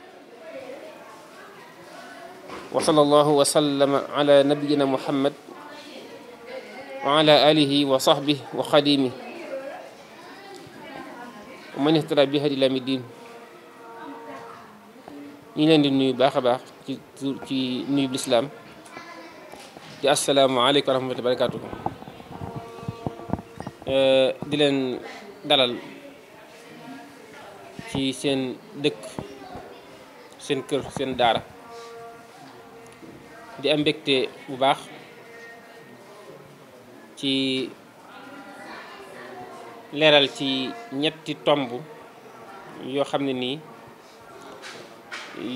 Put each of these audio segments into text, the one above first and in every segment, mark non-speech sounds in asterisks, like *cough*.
*coughs* wa sallallahu wa sallama ala nabiyina muhammad wa ala alihi wa sahbihi wa xadimi wa man ihtara bi hadi lami diin ñu leen di nuyu baax a baax ci ci nuyu bi lislaam di assalaamu aleykum wa rahmatullahi wa barakatuhu eh, di leen dalal ci seen dëkk seen kër seen daara di am mbégte bu baax ci leeral ci ñetti tomb yoo xam ne nii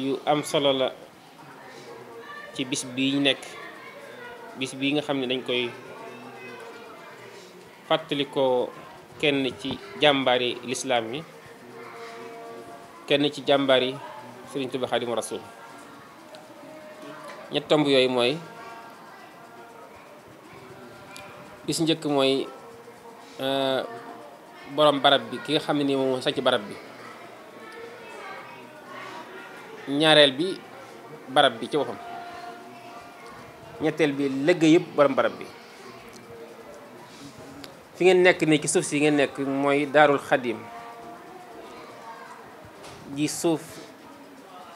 yu am solo la ci bis bii nekk bis bii nga xam ne dañ koy fàttali ko kenn ci jàmbaari lislaam yi kenn ci jàmbaari Sëriñ Tuubaa Xaadimu Rasuul ñett tomb yooyu mooy bi njëkk mooy euh, boroom barab bi ki nga xam ne nii moom moo sàcc barab bi ñaareel bi barab bi ci boppam ñetteel bi liggéey yëpp borom barab bi fi ngeen nekk nii ci suuf si ngeen nekk mooy daarul xadim ji suuf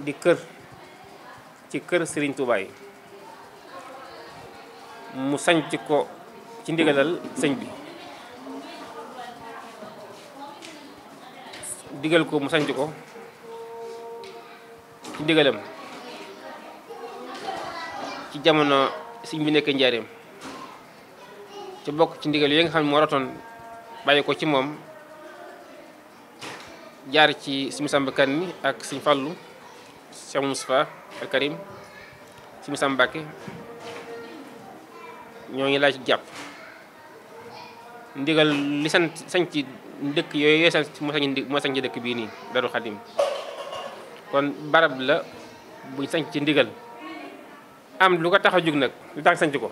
di kër ci kër sëriñ Touba yi mu sañc ko ci ndigalal sëñ bi digal ko mu sanc ko ci ndigalam ci jamono sëñ bi nekk njaareem ci bokk ci ndigal yi nga xam ne moo ratoon bàyyi ko ci moom jaar ci suñu sàmbkan ni ak suñu fàllu Cheikh Moustapha ak Karim si Moussa Mbacke ñoo ngi laaj jàpp ndigal li sant sañ ci dëkk yooyu yooyu sant moo sañ sañ ci dëkk bii nii Darou Khadim kon barab la buñ sañ ci ndigal am lu ko tax a nag lu tax sañ ko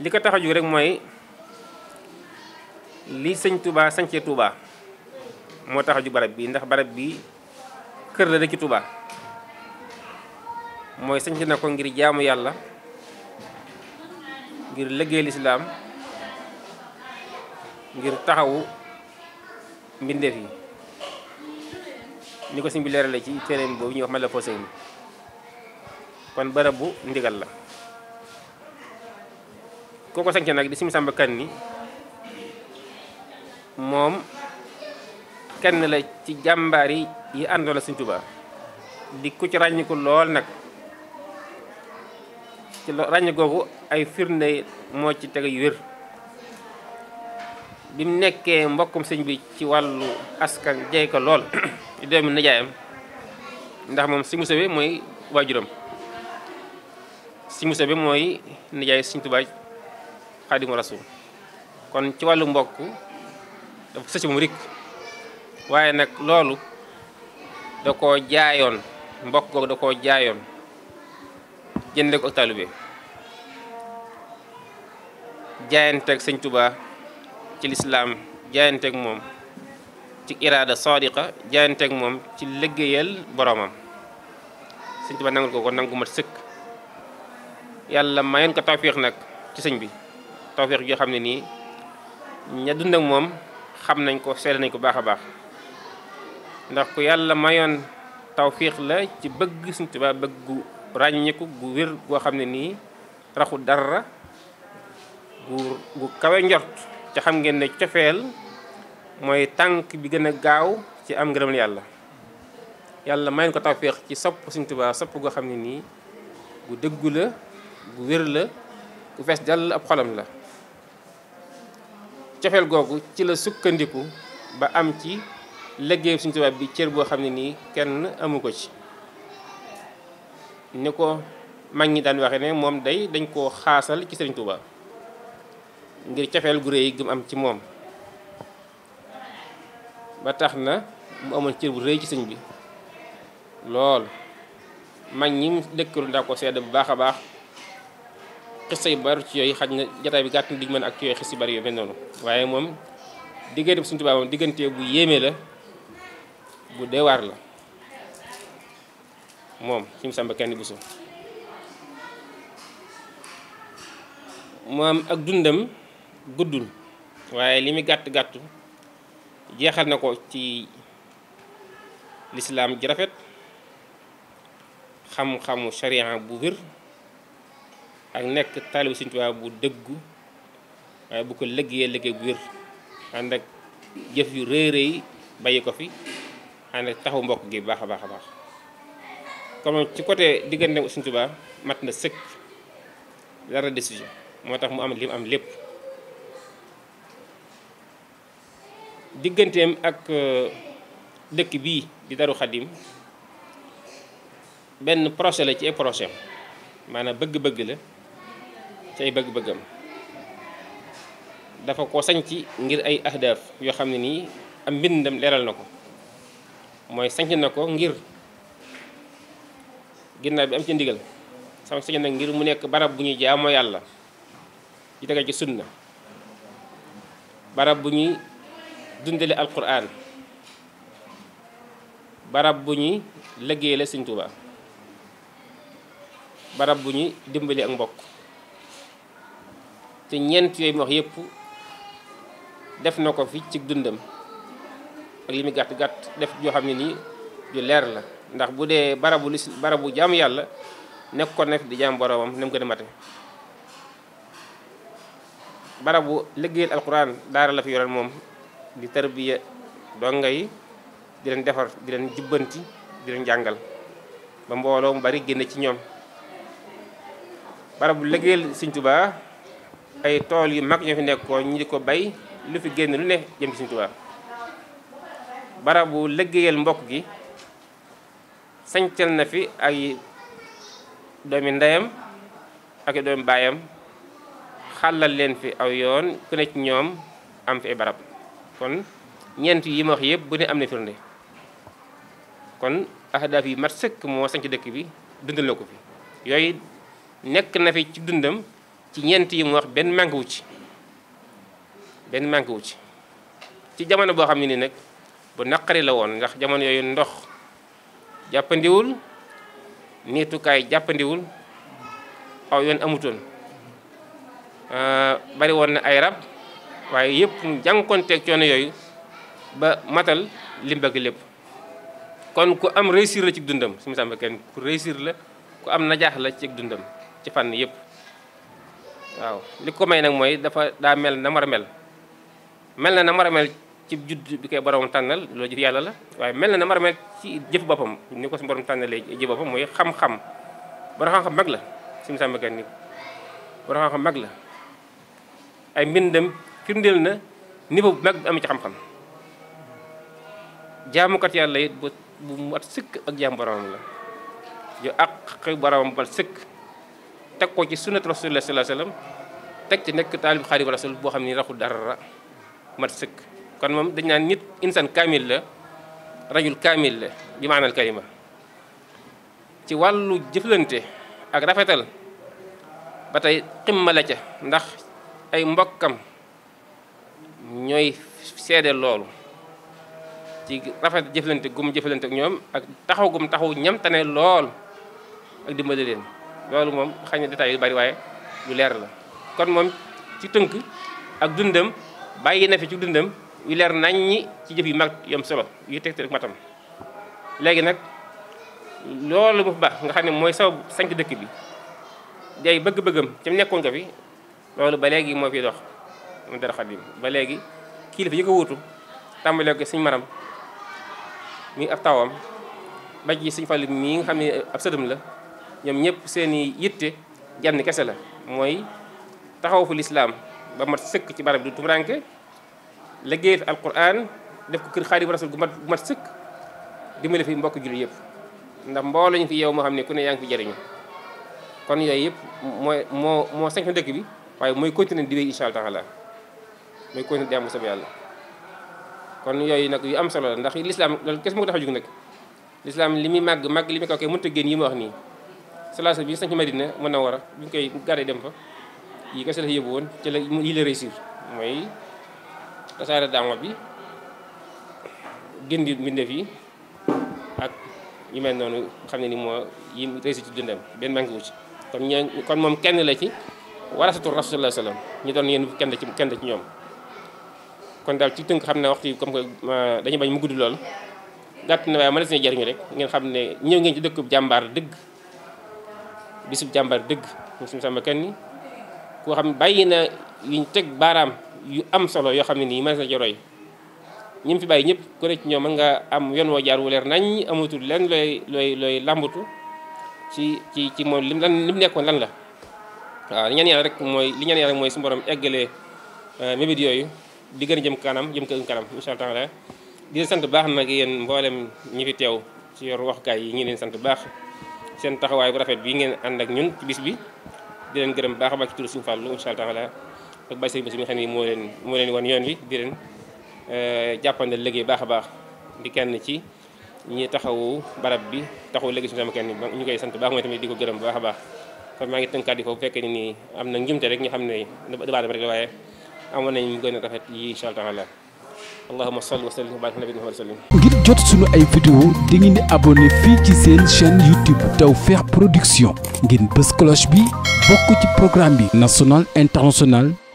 li ko tax a rek mooy li sëñ Touba sañcee Touba moo tax a barab bii ndax barab bii kër la rek ci Touba mooy sanc na ko ngir jaamu yàlla ngir liggéey lislaam ngir taxawu mbindeef yi ni ko sëñ bi leerale ci téeréem boobu ñuy wax mala fosé ni kon bërëb bu ndigal la ko sanc nag di Sëñ Kan ni moom kenn la ci jàmbaar yi yi àndoon la Sëñ Tuubaa di ku ci ràññiku lool nag ci ràññe googu ay firnde moo ci teg yu wér bi mu nekkee mbokkum sëñ bi ci wàllu askan jey ko lool *clears throat* di doomi nijaayam ndax moom si musa bi mooy waajuram si musa bi mooy nijaay sëñ Tuubaa Xaadimu Rasuul kon ci wàllu mbokk dafa sëcc moom rikk waaye nag loolu da ko jaayoon mbokk googu da koo jaayoon jëndee ko ak taalibe jaayanteeg sëñ sëñtubaa ci lislaam jaayanteeg moom ci iraada sadiqa jaayanteeg moom ci liggéeyal boroomam sëñ Tuubaa nangul ko ko nangu mat sëkk yàlla mayoon ko tawféex nag ci sëñ bi tawféex joo xam ne nii ña dund ak moom xam nañ ko seede nañ ko baax a baax ndax ku yàlla mayoon tawféex la ci bëgg sëñ bëggu ràññiku gu wér goo xam ne nii raxu dara gu gu kawe njort ca xam ngeen ne cofeel mooy tànk bi gën a gaaw ci am ngërëmal yàlla yàlla may ko tawféex ci sopp Sëriñ Tuubaa sopp goo xam ne nii gu dëggu la gu wér la gu fees dal ab xolam la cofeel googu ci la sukkandiku ba am ci liggéey Sëriñ Tuubaa bi cër boo xam ne nii kenn amu ko ci ni ko mag ñi daan waxe ne moom day dañ koo xaasal ci Sëriñ Tuuba ngir cafeel gu réy gi mu am ci moom ba tax na mu amoon cër bu rëy ci sëñ bi lool mag ñi mu dëkkalu ndaa ko sedd bu baax a baax xis yu bari ci yooyu xaj na jataay bi gàtt na duñ mën ak ci yooyu xis yu bari yooyu mel noonu waaye moom diggante bu Sëriñ Tuuba moom diggante bu yéeme la bu deewaar la moom suñu sàmba kenn buso moom ak dundam guddul waaye li muy gàtt gàtt jeexal na ko ci lislaam ji rafet xam-xamu sharia bu wér ak nekk taalibu Sëriñ bu dëggu waaye bu ko liggéeyee liggéey bu wér ànd jëf yu rëy rëy bàyyi ko fi ànd ak taxaw mbokk gi baax a baax a baax comme ci côté diggante ak Sëriñ mat na sëkk dara décision moo tax mu am li mu am lépp digganteem ak euh, dëkk bii di Daaru Xadim benn projet la ci ay projet maanaam bëgg-bëgg la ci ay bëgg-bëggam dafa ko sañci ngir ay ahdaaf yoo xam ne nii am mbindam leeral na ko mooy sañc na ko ngir ginnaaw bi am ci ndigal sama sañ ngir mu nekk barab bu ñuy jaamoo yàlla ci tege ci sunna barab bu ñuy dundale alquran barab bu ñuy liggéey la Sëñ barab bu ñuy dimbali ak mbokk te ñeent yooyu mu wax yépp def na ko fi ci dundam ak li muy gàtt gàtt def joo xam ne nii ju leer la ndax bu dee barabu lis barabu jaamu yàlla nekk ko nekk di jaam boromam ni mu gën a mate barabu liggéeyal alquran daara la fi yoroon moom di tarbiya donga di leen defar di leen jubbanti di leen jàngal ba mbooloo mu bari génne ci ñoom barabu liggéeyal Sëñ Tuubaa ay tool yu mag ñoo fi nekkoon ñu di ko bay lu fi génn lu ne jëm ci Sëñ Tuubaa barabu liggéeyal mbokk gi sañcal na fi ay doomi ndeyam ak doomi baayam xàllal leen fi aw yoon ku ne ci ñoom am fi ay barab kon ñeent yi mu wax yépp bu ne am na firnde kon ahdaaf yi mat sëkk moo sañc dëkk bi dund la ko fi yooyu nekk na fi ci dundam ci ñeent yi mu wax benn manqué ci benn manqué ci ci jamono boo xam ne ni nag bu naqari la woon ndax jamono yooyu ndox jàppandiwul niitukaay jàppandiwul aw yoon amutoon euh, bari woon na ay rab waaye yëpp mu teg coono yooyu ba matal li mu lépp kon ku am réussir la ci dundam su mu sàmba kenn ku réussir la ku am najaax la ci dundam ci fànn yëpp waaw li ko may nag mooy dafa daa mel na mar mel mel na na mar mel ci judd bi koy borom tànnal loolu jëf yàlla la waaye mel na ne marmel ci jëf boppam ni ko si borom tànnalee ji boppam mooy xam-xam borom xam-xam mag la sim sàmmkan ni borom xam-xam mag la ay mbindam firndeel na niveau bu mag am ci xam-xam jaamukat yàlla it bu mu at sëkk ak jaam boromam la yu àq boromam bal sëkk teg ko ci sunnat rasulullah sallallahu teg ci nekk taalib xaadimu rasul boo xam ni raxul dara mat sëkk kon moom dañ naan nit insan kaamil la rajul kaamil la bi maanal kalima ci wàllu jëflante ak rafetal ba tey ximma ca ndax ay mbokkam ñooy seede loolu ci rafet jëflante gum jëflante ak ñoom ak taxaw gum taxaw ñamtane lool ak dimbali leen loolu moom xañ na bari waaye lu leer la kon moom ci tënk ak dundam bàyyi na fi ci dundam yu nañ naññi ci jëf yu mag yom solo yu tegte rek matam léegi nag loolu mu baax nga xam ne mooy saw sanc dëkk bi day bëgg-bëggam ci mu nekkoon ko fi loolu ba léegi moo fi dox mu dara xadim ba léegi kilifa yi ko wuutu tàmbalee ko suñ maram mi ab tawam ba yi suñ fal mii nga xam ne ab sëdëm la ñoom ñëpp seeni yitte jàmm kese la mooy taxaw fu lislaam ba mat sëkk ci barab du tumuranke liggéey fi alquran def ko kër xaadim rasul gu mat gu mat sëkk dimbali fi mbokk jullit yëpp ndax mbooloo ñu fi yow moo xam ne ku ne yaa ngi fi jëriñu kon yooyu yëpp mooy moo moo sañ na dëkk bi waaye mooy continuer di wéy incha allah taala mooy continuer yàlla kon yooyu nag yu am solo ndax lislaam loolu kes moo ko tax a jóg nag li muy màgg màgg li muy kaw kay génn yi ma wax nii salaasa bi ñu sañ ci mën na war a bi ñu koy gàddee dem fa yi kese la yóbbu woon ci la yi la réussir mooy tasaare daawa bi gindi mbindeef yi ak ñu mel noonu xam ne ni moo yi réussi ci dundam benn manqué wu ci kon ñooñ kon moom kenn la ci warasatu rasulullah sallam ñu doon yéen kenn ci kenn ci ñoom kon daal ci tënk xam ne waxtu yi comme que dañu bañ mu gudd lool gàtt na waaye mënees na jariñu rek ngeen xam ne ñëw ngeen ci dëkkub jàmbaar dëgg bisub jàmbaar dëgg suñu sàmba kenn ni koo xam bàyyi na yuñ teg baaraam yu am solo yoo xam ne nii mën na ci roy ñi fi bàyyi ñëpp ku ne ci ñoom mën nga am yoon woo jaar wu leer nañ amatul lenn looy looy looy làmbatu ci ci ci moom lim lan lim nekkoon lan la waaw li ñaan yàlla rek mooy li ñaan rek mooy su borom eggalee euh, mébét yooyu di gën a jëm kanam jëm ko kanam incha allah taala di leen sant baax nag yéen mboolem ñi fi teew ci yor waxukaay yi ñu leen sant baax seen taxawaay bu rafet bi ngeen ànd ak ñun ci bis bi di leen gërëm baax a baax ci turu suñu fàllu incha ak bay sëriñ Bass mi nga xam ne moo leen euh, baax a baax kenn ci ñi taxawu barab bi taxawu liggéey suñu sama kenn ñu koy sant baax mooy tamit di ko gërëm baax a baax kon maa ngi tënkaat yi foofu fekkee ni am na njumte rek ñu xam ne dabaadam rek la waaye amoon nañu gën a rafet yi incha allah allahumma salli wa sallim wa barik ala nabi Muhammad sallim ngir jot suñu ay vidéo di ngeen di abonné fii ci seen chaîne YouTube Tawfekh Production ngeen bës cloche bi bokk ci programme bi national international